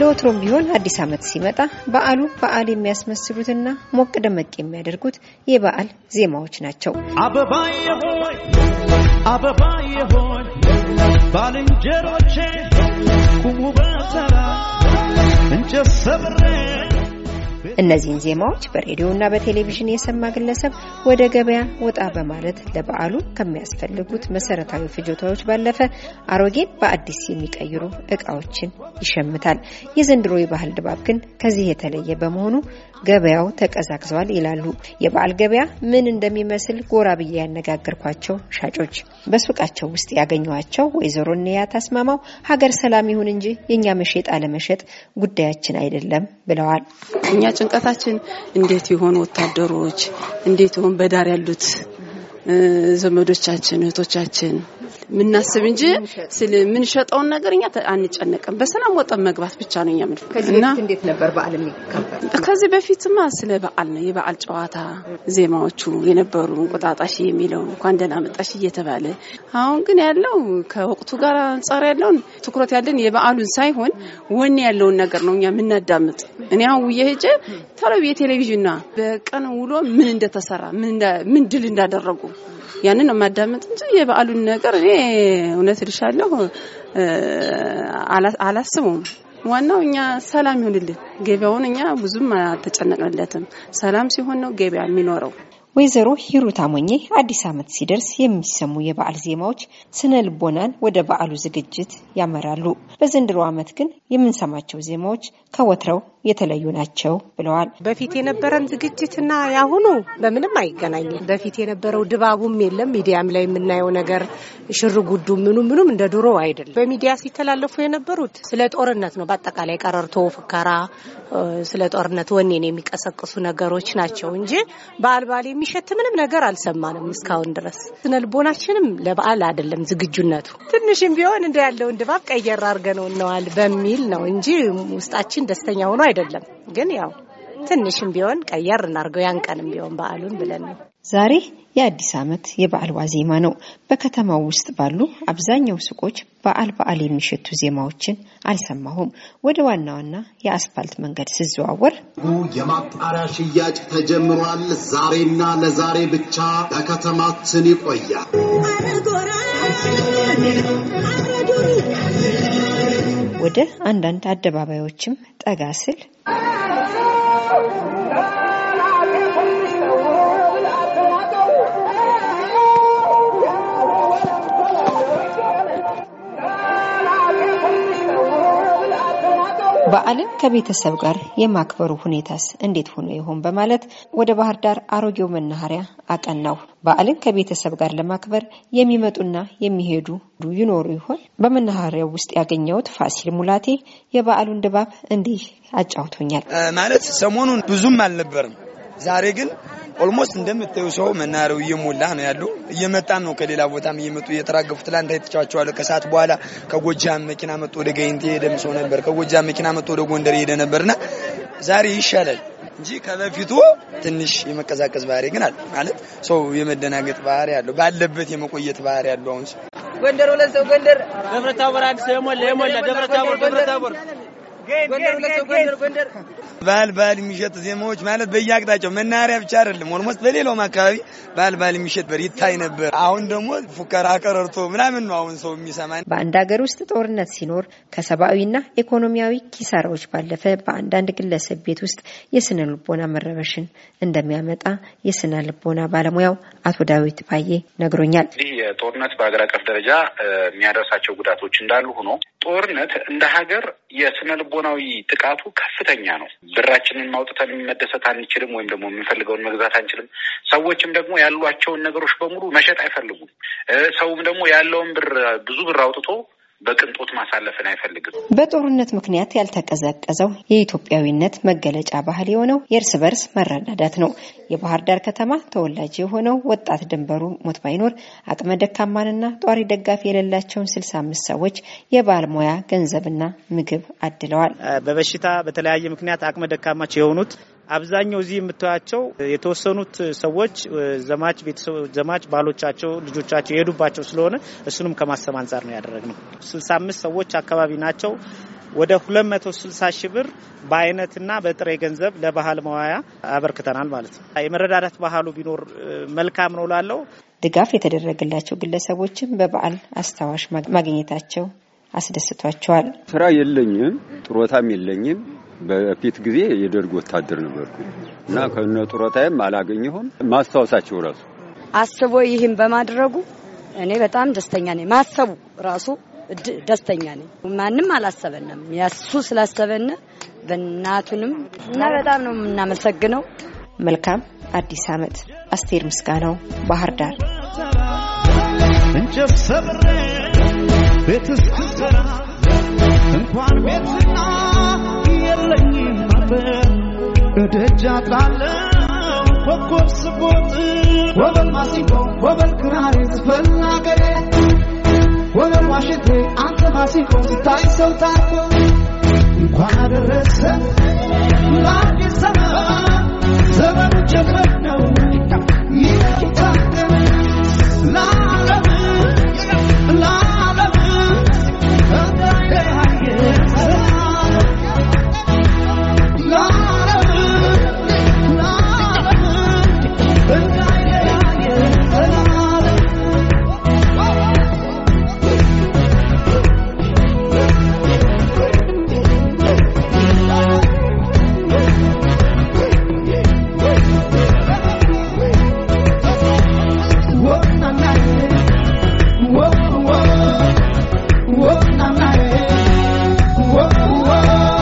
ለወትሮም ቢሆን አዲስ ዓመት ሲመጣ በዓሉ በዓል የሚያስመስሉትና ሞቅ ደመቅ የሚያደርጉት የበዓል ዜማዎች ናቸው። አበባዬ ሆይ አበባዬ ሆይ ባልንጀሮቼ ቁሙ በሰራ እንጨት ሰብሬ እነዚህን ዜማዎች በሬዲዮና በቴሌቪዥን የሰማ ግለሰብ ወደ ገበያ ወጣ በማለት ለበዓሉ ከሚያስፈልጉት መሰረታዊ ፍጆታዎች ባለፈ አሮጌን በአዲስ የሚቀይሩ እቃዎችን ይሸምታል። የዘንድሮ የባህል ድባብ ግን ከዚህ የተለየ በመሆኑ ገበያው ተቀዛቅዟል ይላሉ። የበዓል ገበያ ምን እንደሚመስል ጎራ ብዬ ያነጋገርኳቸው ሻጮች በሱቃቸው ውስጥ ያገኘኋቸው ወይዘሮ ኒያ ታስማማው ሀገር ሰላም ይሁን እንጂ የእኛ መሸጥ አለመሸጥ ጉዳያችን አይደለም ብለዋል። እኛ ጭንቀታችን እንዴት ይሆን ወታደሮች፣ እንዴት ይሆን በዳር ያሉት ዘመዶቻችን፣ እህቶቻችን የምናስብ እንጂ የምንሸጠውን ነገር እኛ አንጨነቅም። በሰላም ወጠን መግባት ብቻ ነው እኛ ምንድን እና እንዴት ነበር በዓል የሚከበር? ከዚህ በፊትማ ስለ በዓል ነው የበዓል ጨዋታ ዜማዎቹ የነበሩ እንቁጣጣሽ የሚለው እንኳን ደህና መጣሽ እየተባለ አሁን ግን ያለው ከወቅቱ ጋር አንጻር ያለውን ትኩረት ያለን የበዓሉን ሳይሆን ወኔ ያለውን ነገር ነው እኛ የምናዳምጥ። እኔ አሁን ውዬ ሄጄ ተለብ የቴሌቪዥንና በቀን ውሎ ምን እንደተሰራ ምን ድል እንዳደረጉ ያንን ነው የማዳመጥ እንጂ የበዓሉን ነገር እኔ እውነት እልሻለሁ አላስበውም። ዋናው እኛ ሰላም ይሁንልን። ገበያውን እኛ ብዙም አልተጨነቅንለትም። ሰላም ሲሆን ነው ገበያ የሚኖረው። ወይዘሮ ሂሩት አሞኜ አዲስ ዓመት ሲደርስ የሚሰሙ የበዓል ዜማዎች ስነ ልቦናን ወደ በዓሉ ዝግጅት ያመራሉ። በዘንድሮ ዓመት ግን የምንሰማቸው ዜማዎች ከወትረው የተለዩ ናቸው ብለዋል። በፊት የነበረን ዝግጅትና ያሁኑ በምንም አይገናኝም። በፊት የነበረው ድባቡም የለም። ሚዲያም ላይ የምናየው ነገር ሽር ጉዱ ምኑ ምኑም እንደ ድሮ አይደለም። በሚዲያ ሲተላለፉ የነበሩት ስለ ጦርነት ነው። በአጠቃላይ ቀረርቶ፣ ፉከራ፣ ስለ ጦርነት ወኔን የሚቀሰቅሱ ነገሮች ናቸው እንጂ በዓል የሚሸት ምንም ነገር አልሰማንም እስካሁን ድረስ። ስነልቦናችንም ለበዓል አይደለም ዝግጁነቱ ትንሽም ቢሆን እንደ ያለውን ድባብ ቀየር አድርገነው ነዋል በሚል ነው እንጂ ውስጣችን ደስተኛ ሆኖ አይደለም፣ ግን ያው ትንሽም ቢሆን ቀየር እናርገው ያን ቀንም ቢሆን በዓሉን ብለን ነው። ዛሬ የአዲስ ዓመት የበዓል ዋዜማ ነው። በከተማው ውስጥ ባሉ አብዛኛው ሱቆች በዓል በዓል የሚሸቱ ዜማዎችን አልሰማሁም። ወደ ዋና ዋና የአስፋልት መንገድ ስዘዋወር የማጣሪያ ሽያጭ ተጀምሯል። ዛሬና ለዛሬ ብቻ በከተማችን ይቆያል። ወደ አንዳንድ አደባባዮችም ጠጋ ስል በዓልን ከቤተሰብ ጋር የማክበሩ ሁኔታስ እንዴት ሆኖ ይሆን በማለት ወደ ባህር ዳር አሮጌው መናኸሪያ አቀናሁ። በዓልን ከቤተሰብ ጋር ለማክበር የሚመጡና የሚሄዱ ይኖሩ ይሆን? በመናኸሪያው ውስጥ ያገኘሁት ፋሲል ሙላቴ የበዓሉን ድባብ እንዲህ አጫውቶኛል። ማለት ሰሞኑን ብዙም አልነበርም። ዛሬ ግን ኦልሞስት እንደምታዩ ሰው መናኸሪያው እየሞላ ነው ያለው። እየመጣም ነው ከሌላ ቦታም እየመጡ እየተራገፉ። ትላንት አይተቻቸዋለሁ። ከሰዓት በኋላ ከጎጃም መኪና መጥቶ ወደ ጋይንት ሄደም ሰው ነበር። ከጎጃም መኪና መጥቶ ወደ ጎንደር ሄደ ነበርና ዛሬ ይሻላል እንጂ ከበፊቱ ትንሽ የመቀዛቀዝ ባህሪ ግን አለ። ማለት ሰው የመደናገጥ ባህሪ አለው፣ ባለበት የመቆየት ባህሪ አለው። አሁን ሰው ጎንደር ሁለት ሰው ጎንደር ደብረታቦር አዲስ የሞላ የሞላ ደብረታቦር ደብረታቦር ባህል ባህል የሚሸጥ ዜማዎች ማለት በየአቅጣጫው መናኸሪያ ብቻ አይደለም። ኦልሞስት በሌላውም አካባቢ ባህል ባህል የሚሸጥ በር ይታይ ነበር። አሁን ደግሞ ፉከራ ቀረርቶ ምናምን ነው አሁን ሰው የሚሰማን። በአንድ ሀገር ውስጥ ጦርነት ሲኖር ከሰብአዊና ኢኮኖሚያዊ ኪሳራዎች ባለፈ በአንዳንድ ግለሰብ ቤት ውስጥ የስነ ልቦና መረበሽን እንደሚያመጣ የስነ ልቦና ባለሙያው አቶ ዳዊት ባዬ ነግሮኛል። ይህ ጦርነት በሀገር አቀፍ ደረጃ የሚያደርሳቸው ጉዳቶች እንዳሉ ሆኖ ጦርነት እንደ ሀገር የስነ ልቦናዊ ጥቃቱ ከፍተኛ ነው። ብራችንን ማውጥተን መደሰት አንችልም፣ ወይም ደግሞ የምንፈልገውን መግዛት አንችልም። ሰዎችም ደግሞ ያሏቸውን ነገሮች በሙሉ መሸጥ አይፈልጉም። ሰውም ደግሞ ያለውን ብር ብዙ ብር አውጥቶ በቅንጦት ማሳለፍን አይፈልግም። በጦርነት ምክንያት ያልተቀዘቀዘው የኢትዮጵያዊነት መገለጫ ባህል የሆነው የእርስ በርስ መረዳዳት ነው። የባህር ዳር ከተማ ተወላጅ የሆነው ወጣት ድንበሩ ሞት ባይኖር አቅመ ደካማንና ጧሪ ደጋፊ የሌላቸውን ስልሳ አምስት ሰዎች የባለሙያ ገንዘብና ምግብ አድለዋል። በበሽታ በተለያየ ምክንያት አቅመ ደካማች የሆኑት አብዛኛው እዚህ የምታያቸው የተወሰኑት ሰዎች ዘማች ዘማች ባሎቻቸው ልጆቻቸው የሄዱባቸው ስለሆነ እሱንም ከማሰብ አንጻር ነው ያደረግነው። 65 ሰዎች አካባቢ ናቸው። ወደ 260 ሺህ ብር በአይነትና በጥሬ ገንዘብ ለባህል መዋያ አበርክተናል ማለት ነው። የመረዳዳት ባህሉ ቢኖር መልካም ነው ላለው ድጋፍ የተደረገላቸው ግለሰቦችም በበዓል አስታዋሽ ማግኘታቸው አስደስቷቸዋል። ስራ የለኝም፣ ጥሮታም የለኝም በፊት ጊዜ የደርግ ወታደር ነበርኩ እና ከነ ጡረታዬም አላገኘሁም። ማስታወሳቸው ራሱ አስቦ ይህም በማድረጉ እኔ በጣም ደስተኛ ነኝ። ማሰቡ ራሱ ደስተኛ ነኝ። ማንም አላሰበንም፣ ያሱ ስላሰበን በእናቱንም እና በጣም ነው የምናመሰግነው። መልካም አዲስ ዓመት። አስቴር ምስጋናው፣ ባህር ዳር። እንጨት ሰብሬ ቤት እስክሰራ እንኳን ቤትና ጃጣለው ኮኮብ ስቦጥ ወበል ማሲቦ ወበል ክራሬ ዝፈናገሬ ወበል ዋሽቴ አንተ ስታይ ሰው እንኳን አደረሰ ለአዲስ ዘመኑ ጀመር ነው